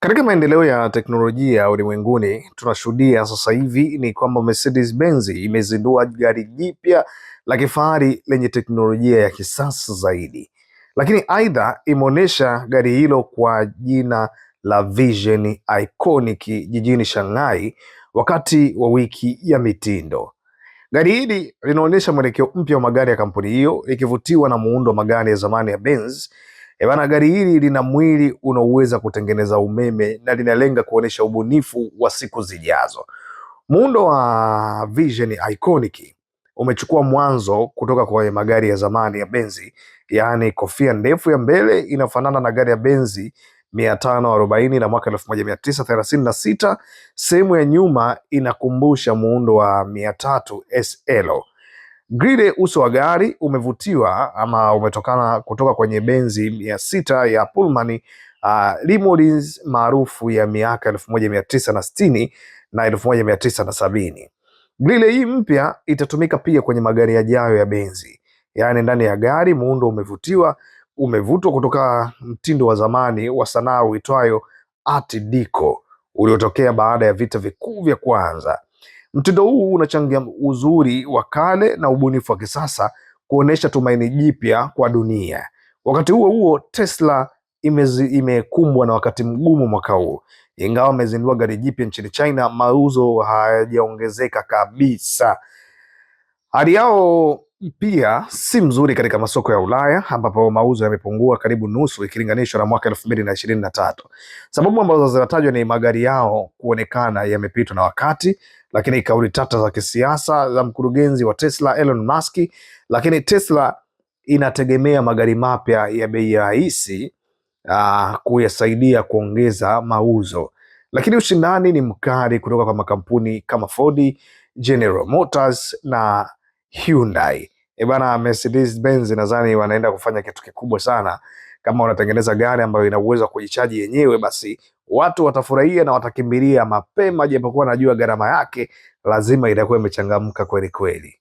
Katika maendeleo ya teknolojia ulimwenguni tunashuhudia sasa hivi ni kwamba Mercedes Benz imezindua gari jipya la kifahari lenye teknolojia ya kisasa zaidi, lakini aidha imeonyesha gari hilo kwa jina la Vision Iconic jijini Shanghai wakati wa wiki ya mitindo. Gari hili linaonyesha mwelekeo mpya wa magari ya kampuni hiyo, ikivutiwa na muundo wa magari ya zamani ya Benz Ebana, eh, gari hili lina mwili unaoweza kutengeneza umeme na linalenga kuonyesha ubunifu wa siku zijazo. Muundo wa Vision Iconic umechukua mwanzo kutoka kwa magari ya zamani ya Benzi, yaani kofia ndefu ya mbele inafanana na gari ya Benzi mia tano arobaini na mwaka elfu moja mia tisa na sita. Sehemu ya nyuma inakumbusha muundo wa mia tatu SL Grili uso wa gari umevutiwa ama umetokana kutoka kwenye benzi ya sita ya Pullman uh, limousine maarufu ya miaka elfu moja mia tisa na sitini na elfu moja mia tisa na sabini. Grili hii mpya itatumika pia kwenye magari yajayo ya benzi, yaani ndani ya gari muundo umevutiwa umevutwa kutoka mtindo wa zamani wa sanaa uitwayo Art Deco uliotokea baada ya vita vikuu vya kwanza Mtindo huu unachangia uzuri wa kale na ubunifu wa kisasa, kuonesha tumaini jipya kwa dunia. Wakati huo huo, Tesla imekumbwa na wakati mgumu mwaka huu. Ingawa amezindua gari jipya nchini China, mauzo hayajaongezeka kabisa. Hali yao pia si mzuri katika masoko ya Ulaya ambapo mauzo yamepungua karibu nusu ikilinganishwa na mwaka elfu mbili na ishirini na tatu. Sababu ambazo zinatajwa ni magari yao kuonekana yamepitwa na wakati, lakini kauli tata za kisiasa za mkurugenzi wa Tesla Elon Musk. Lakini Tesla inategemea magari mapya ya bei rahisi uh, kuyasaidia kuongeza mauzo, lakini ushindani ni mkali kutoka kwa makampuni kama Ford, General Motors na Hyundai. E bana, Mercedes Benz nadhani wanaenda kufanya kitu kikubwa sana. Kama wanatengeneza gari ambayo ina uwezo wa kujichaji yenyewe, basi watu watafurahia na watakimbilia mapema, japokuwa najua gharama yake lazima itakuwa imechangamka kweli kweli.